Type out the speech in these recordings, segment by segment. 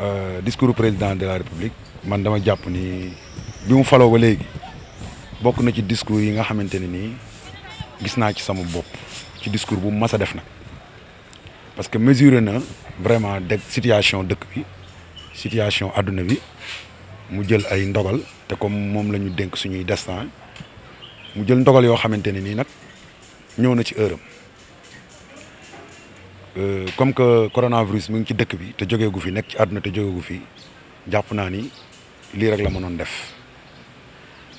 Euh, discours président de la république man dama jàpp ni bi mu faloo ba léegi bokk na ci discours yi nga xamante ne nii gis naa ci sama bopp ci discours bu mas def nag parce que mesuré na vraiment dëgg situation dëkk bi situation adduna bi mu jël ay ndogal te comme moom la ñu dénk suñuy destin mu jël ndogal yoo xamante ne nii nag ñëw na ci heure am Euh, comme que coronavirus mu ngi ci dëkk bi te jógee gu fi nekk ci àdduna te jógee gu fi jàpp naa ni lii rek la mënoon def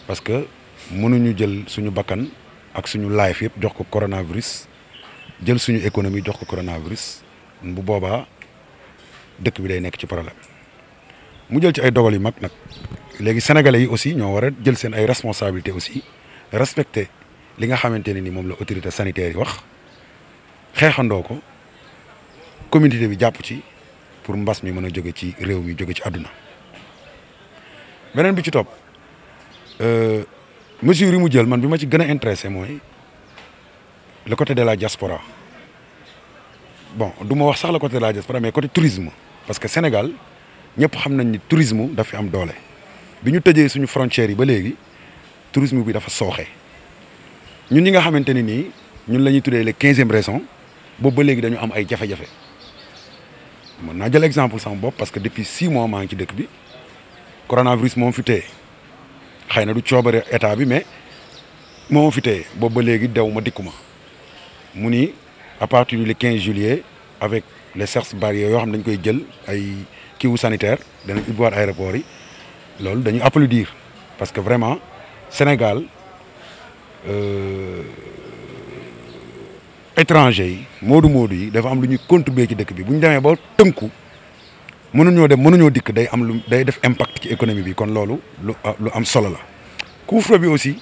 parce que mënuñu jël suñu bakkan ak suñu life yëpp jox ko coronavirus jël suñu économie jox ko coronavirus bu boobaa dëkk bi day nekk ci problème mu jël ci ay dogal yu mag nag léegi sénégalais yi aussi ñoo war a jël seen ay responsabilité aussi respecter li nga xamante ne ni moom la autorité sanitaire yi wax xeexandoo ko. communauté bi jàpp ci pour mbas mi mën a jóge ci réew mi jóge ci àdduna beneen bi ci topp euh, mesures yi mu jël man bi ma ci gën a intéressé mooy le côté de la diaspora bon du ma wax sax le côté de la diaspora mais côté tourisme parce que Sénégal ñëpp xam nañ ni tourisme dafa am doole bi ñu tëjee suñu frontières yi ba léegi tourisme bi dafa sooxe ñun ñi nga xamante ni nii ñun la ñuy tuddee le quinzième raison boobu ba léegi dañu am ay jafe-jafe mën naa jël exemple sama bob parce que depuis six mois maa ngi ci dëkk bi coronavirus moom fi téye xëy na du coobare état bi mais moom fi bob boobu ba léegi dew ma dikku ma à partir du 15 juillet avec les certes barrières yoo xam dañ koy jël ay kiiwu sanitaire danañ ubbiwaat aéroport yi loolu dañuy applaudir parce que vraiment Sénégal. Euh... étranger yi moodu moodu yi dafa am lu ñuy contribuer ci dëkk bi bu ñu demee ba tënku mënuñoo dem mënuñoo dikk day am lu day def impact ci économie bi kon loolu lu ah, am solo la. couvre bi aussi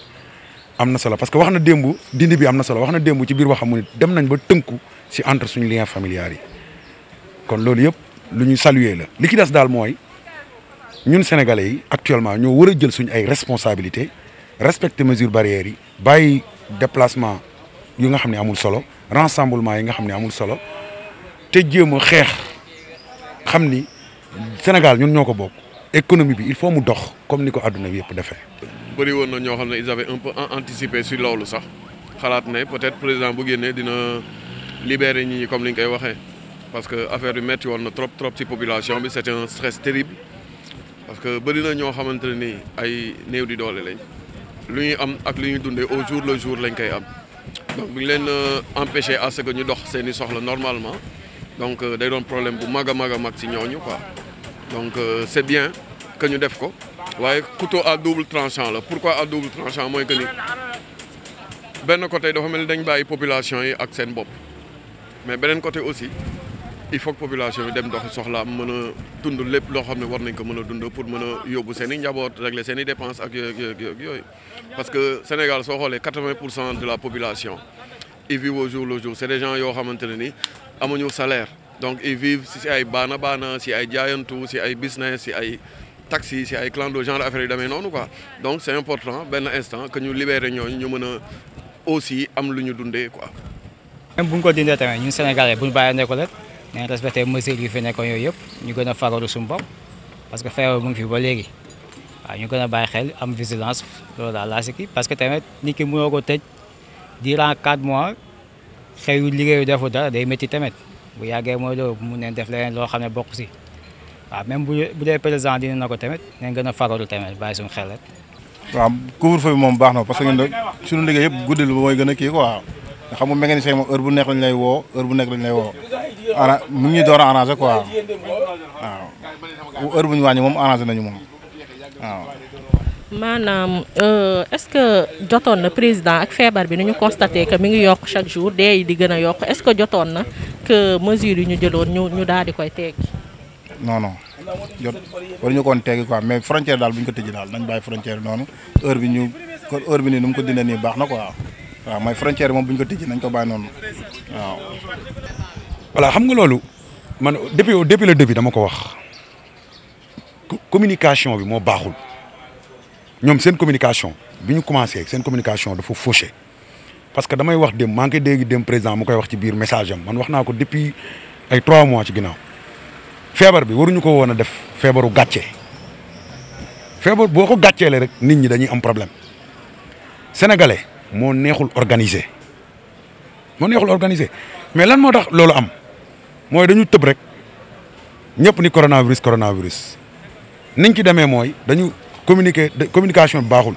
am na solo parce que wax na démb dindi bi am na solo wax na démb ci biir waxamu ne dem nañ ba tënku si entre suñu lien familial yi kon loolu yëpp lu ñuy saluer la li ci des daal mooy ñun sénégalais yi actuellement ñoo war a jël suñu ay responsabilités respecter mesures barrières yi bàyyi déplacement. yu nga xam amul solo rassemblement yi nga xam amul solo te jéem a xeex Sénégal ñun ñoo ko économie bi il faut mu dox comme ni ko yëpp defee. bëri woon na ñoo xam ils avaient un peu anticipé sur loolu sax xalaat ne peut-être président bu génnee dina libérer ñi comme ni koy waxee parce que affaire bi metti woon na trop trop ci population bi c'était un stress terrible parce que bëri na ñoo xamante ay néew di doole lañ lu am ak lu ñuy au jour le jour lañ koy am. Nous euh, empêcher à que nous normalement donc euh, day y problème a pour quoi donc euh, c'est bien que nous def ko couteau à double tranchant pourquoi à double tranchant Parce que nous côté population et mais côté aussi il faut que population bi dem doxi soxlaam mën dund lepp lo xam ne war nañ ko meuna dund pour meuna yobou seni njabot régler seni dépenses ak parce que Sénégal so xolé 80% de la population ils vivent au jour le jour c'est des gens yo xamante ni amuñu salaire donc ils vivent si ay bana bana si ay jayantou si ay business si ay taxi si ay clando genre affaire damé nonou quoi donc c'est important ben instant que ñu libérer ñooñu ñu meuna aussi am luñu dundé quoi. même buñ ko dindé tamit ñu Sénégalais buñ bayé bàyyee ko rek. nañ respecté mesures yi fi nekkoon yooyu yëpp ñu gën a fagaru suñu bopp parce que feebar mu ngi fi ba léegi waaw ñu gën a bàyyi xel am vigilance loolu daal laa si kii parce que tamit nit ki mënoo ko tëj durant quatre mois xëyu liggéeyu defu dara day métti tamit bu yàggee mooy loolu mu neen def leneen loo xam ne bokk si waaw même bu dee président dina na ko tamit nañ gën a fagaru tamit bàyyi suñu xel rek. waaw couvre-feu moom baax na parce que ñun suñu liggéey yëpp guddi lu mooy gën a kii quoi bu nekk lañ lay woo heure bu nekk lañ lay ara mu ngi door a arrangé quoi waaw heure bu ñu wàññi moom arrangé nañu moom waaw. maanaam euh, est-ce que jotoon na président ak feebar bi ni ñu constaté que mi ngi yokk chaque jour dee yi di gën a yokk est-ce que jotoon na que mesures yi ñu jëloon ñu ñu daal di koy teggi. non non jot waruñu koon teggi quoi mais frontière daal bu ñu ko tëjee daal nañ bàyyi frontière noonu heure bi ñu kon heure bi nii nu mu ko dindee nii baax na quoi waaw mooy frontière moom bu ñu ko tëjee nañ ko bàyyi noonu waaw. voilà xam nga lolu man depuis depuis le début dama ko wax communication bi mo baxul ñom seen communication bi ñu commencé seen communication dafa fauché parce que damay wax dem maa ngi dégg dem président mu koy wax ci biir message am man wax naa ko depuis ay 3 mois ci ginnaaw feebar bi waruñu ko wona def feebaru gatché feebar boko gatché gàcceelee rek nit ñi dañuy am problème sénégalais mo neexul organiser mo neexul organiser mais lan moo tax loolu am. mooy dañu tëb rek ñëpp ni coronavirus coronavirus niñ ci demee mooy dañu communiquer communication baaxul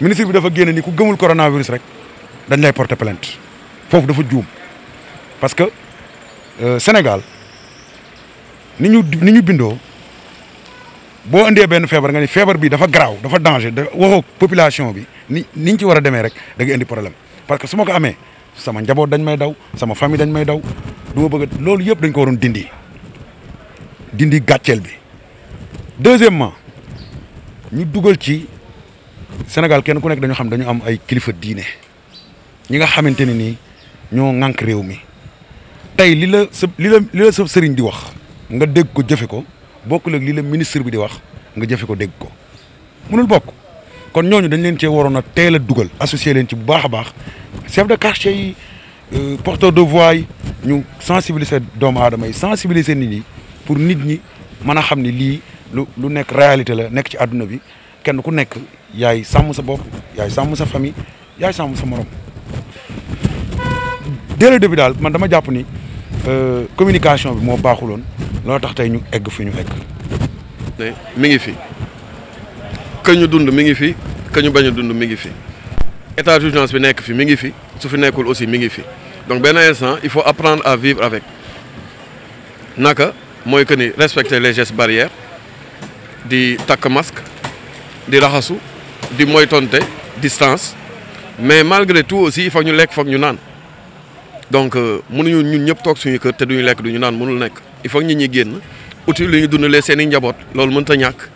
ministre bi dafa génne ni ku gëmul coronavirus rek dañ lay porter plainte foofu dafa juum parce que euh, Sénégal ni ñu ni ñu bindoo boo indee benn feebar nga ni feebar bi dafa garaaw dafa danger da waxoo population bi ni ni ci war a demee rek da nga indi problème parce que su ma ko amee sama njaboot dañ may daw sama famille dañ may daw du ma bëgg loolu yëpp dañ ko waroon dindi dindi gàcceel bi deuxièmement ñu dugal ci Sénégal kenn ku nekk dañu xam dañu am ay kilifa diine ñi nga xamante ne nii ñoo ŋànk réew mi tey li la sa li la li sëriñ di wax nga dëgg ko jëfe ko bokkul ak li la ministre bi di wax nga jëfe ko dégg ko mënul bokk kon ñooñu dañ leen cee waroon a teel a dugal associé leen ci bu baax a baax chef de quartier Euh, porteur de voix yi ñu sensibiliser doom adamay sensibiliser nit ñi pour nit ñi mëna xamni li lu lu nekk réalité la nekk ci aduna bi kenn ku nekk yaay sam sa bop yaay sam sa famille yaay sam sa morom dès le début dal man dama japp ni euh, communication bi mo baaxuloon lo tax tay ñu egg fi ñu egg. mi ngi fi ka ñu dund mi ngi fi ka ñu bañ dund mi ngi fi état d'urgence bi nekk fi mi ngi fi su fi nekkul aussi mi ngi fi donc benn instant il faut apprendre à vivre avec naka moi que ni respecter les gestes barrières di takk masque di raxasu di moytonte distance mais malgré tout aussi il faut ñu lekk foog ñu naan donc euh, mënuñu ñun ñëpp toog suñu kër te duñu lekk duñu naan mënul nek. il faut nit ñi génn outil lu ñu dundalee seen i njaboot loolu mënta ñàkk.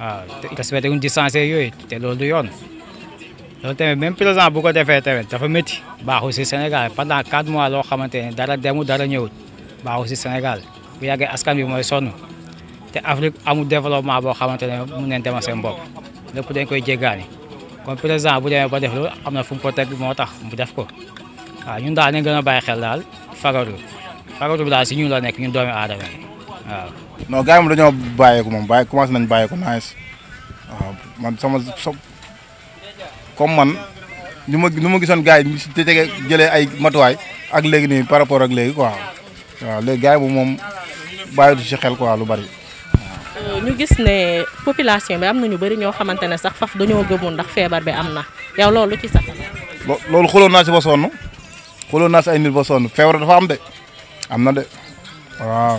waaw respecté wuñ distance yooyu te loolu du yoon loolu tamit même président bu ko defee tamit dafa métti baaxul si Sénégal pendant quatre mois loo xamante ne dara demu dara ñëwut baaxul si Sénégal bu yàggee askan bi mooy sonn te Afrique amu développement boo xamante ne mun nañ demal seen bopp lépp dañ koy jéggaani kon président bu demee ba def loolu am na fu mu ko teg moo tax mu def ko waaw ñun daal nañ gën a bàyyi xel daal fagaru fagaru bi daal si ñun la nekk ñun doomi aadama yi waaw non gars yi moom dañoo bàyyeeku moom bàyyi commencé nañ bàyyeeku nice waaw man sama so comme man ñu ma ñu ma gisoon gars yi si tege jëlee ay matuwaay ak léegi nii par rapport ak léegi quoi waaw léegi gars yi moom moom bàyyitu si xel quoi lu bari. ñu gis ne population bi am na ñu bëri ñoo xamante ne sax faf dañoo gëmoon ndax feebar bi am na yow loolu ci sax. loolu xuloon naa si ba sonn xuloon naa si ay nit ba sonn feebar dafa am de am na de waaw.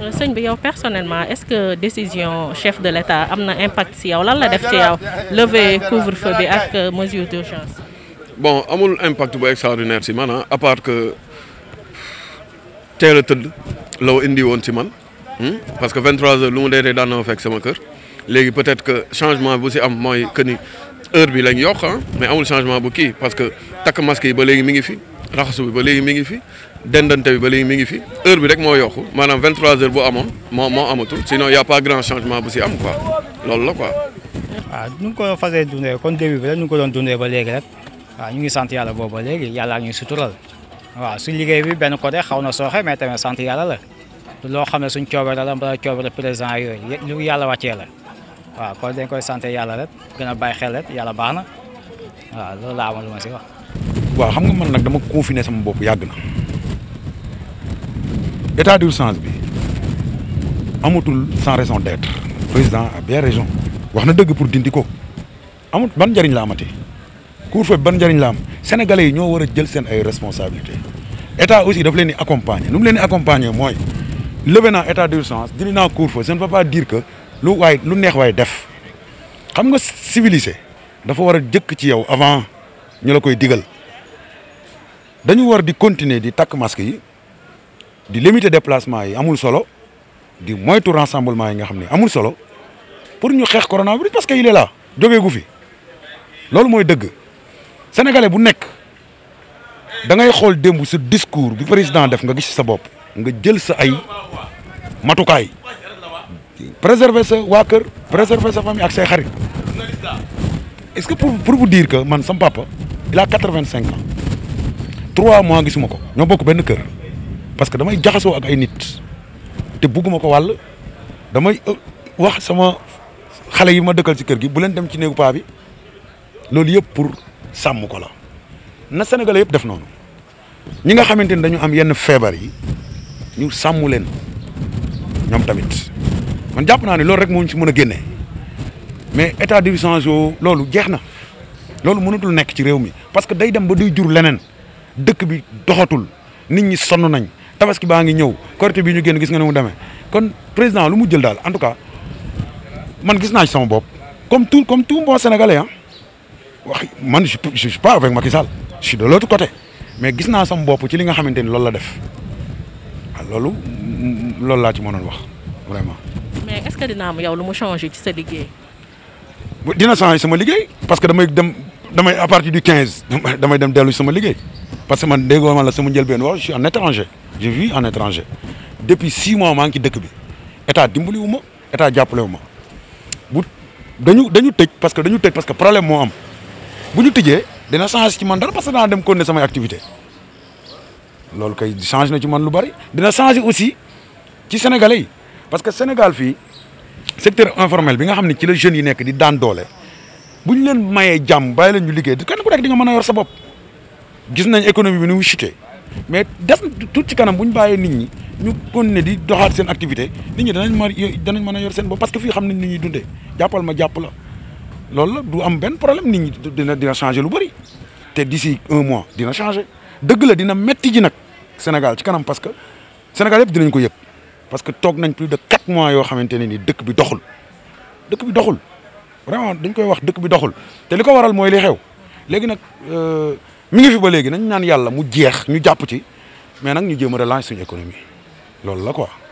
Euh, Seigne, yow personnellement est-ce que décision chef de l'État a un impact si yow lan la def ci yow lever couvre-feu bi ak euh, mesure d'urgence bon amul impact bu extraordinaire sur man hein, à part que c'est a tëdd la indi woon ci man hmm? parce que 23 heures lu mu dee dee daan na ma peut-être que changement bu ci am mooy que ni heure bi lañ n'y hein, a mais amul changement bu parce que takk masque yi ba léegi mi ngi fi raxasu bi ba mi ngi fi dendante bi ba léegi mi ngi fi heure bi rek moo yokku maanaam 23 heures bu amoon moo moo amatul sinon y' a pas grand changement bu si am quoi loolu la quoi. waaw ah, ñu ngi ko kon début bi rek ko doon dundee ba rek waaw ah, ñu ngi sant yàlla boobu ba léegi yàlla sutural waaw suñ liggéey bi benn côté xaw na sooxe mais tamit la loo xam ne suñ la nous président yooyu lu la waaw kon dañ koy sant yàlla rek gën a bàyyi xel rek yàlla baax na waaw wax. waaw xam nga man nag dama sama état d'urgence bi amatul sans raison d'être président a bien raison wax na dëgg pour dindi ko amut ban njëriñ la amati couvre ban njëriñ la am yi ñoo war a jël seen ay responsabilité état aussi daf leen di accompagner nu mu leen di accompagner mooy levé naa état d'urgence dindi naa couvre-feu ça ne veut pas que lu waay lu neex waay def xam nga civilisé dafa war a jëkk ci yow avant ñu la koy digal dañu war di continuer di takk masque yi. di limiter déplacement yi amul solo di moytu rassemblement yi nga xamné amul solo pour ñu korona coronavirus parce que il est là jógee gu fi loolu moy deug sénégalais bu nek da ngay xol dembu ce discours bi président def nga gis sa bop nga jël sa ay matukay préserver sa wa keur préserver sa famille ak say xarit est-ce que pour pour vous dire que man sam papa il a 85 ans trois mois gisumako ko bokk benn parce que damay jaxaso ak ay nit té bëgguma ko wàll damay euh, wax sama xalé yi ma dëkkal ci kër gi bu len dem ci néegu pa bi loolu yëpp pour sam ko la na sénégalais yëpp def nonu ñi nga xamanteni dañu am yenn fièvre yi ñu sàmm leen ñom tamit man japp na ni loolu rek mo ci mëna a mais état d'urgence yo loolu jeexna loolu mënatul nekk ci réew mi parce que day dem ba day jur leneen dëkk bi doxatul nit ñi sonu nañ tabaski baa ngi ñëw Korité bi ñu génn gis nga ne mu demee kon président lu mu jël daal en tout cas man gis naa ci sama bopp comme tout comme tout bon sénégalais ah wax man je je suis pas avec Macky Sall je suis côté mais gis naa sama bopp ci li nga xamante ni loolu la def ah loolu loolu laa ci mënoon wax vraiment. mais est-ce que dina am yow lu mu changé ci sa liggéey. dina changé sama liggéey parce que damay dem damay à partir du 15 damay dem dellu sama liggéey. parce que man déggoo ma la sama njëlbeen wax je suis en étranger je vis en étranger depuis six mois maa ngi ci dëkk bi état dimbali wu ma état jàppale wu ma bu dañu dañu tëj parce que dañu tëj parce que problème moo am bu ñu tëjee dina changé ci man dara parce que dana dem continuer samay activité loolu kay changé na ci man lu bari dina changé aussi ci sénégalais parce que Sénégal fii secteur informel bi nga xam ne ci la jeunes yi nekk di daan doole bu ñu leen mayee jàmm bàyyi leen ñu liggéey kenn ku nekk di nga mën a yor sa bopp. gis nañ économie bi ni mu chuté mais def tuut ci kanam bu ñu bàyyee nit ñi ñu continuer di doxaat seen activité nit ñi danañ mën danañ mën a yor seen bopp parce que fii xam nañ ni ñuy dundee jàppal ma jàppala la loolu la du am benn problème nit ñi dina dina changer lu bari te d'ici un mois dina changer dëgg la dina metti ji nag Sénégal ci kanam parce que Sénégal yëpp dinañ ko yëg parce que toog nañ plus de quatre mois yoo xamante ne ni dëkk bi doxul dëkk bi doxul vraiment dañ koy wax dëkk bi doxul te li ko waral mooy li xew léegi nag. Euh, mi ngi fi ba léegi nañ ñaan yàlla mu jeex ñu jàpp ci mais nag ñu jéem a relancer suñu économie loolu la ko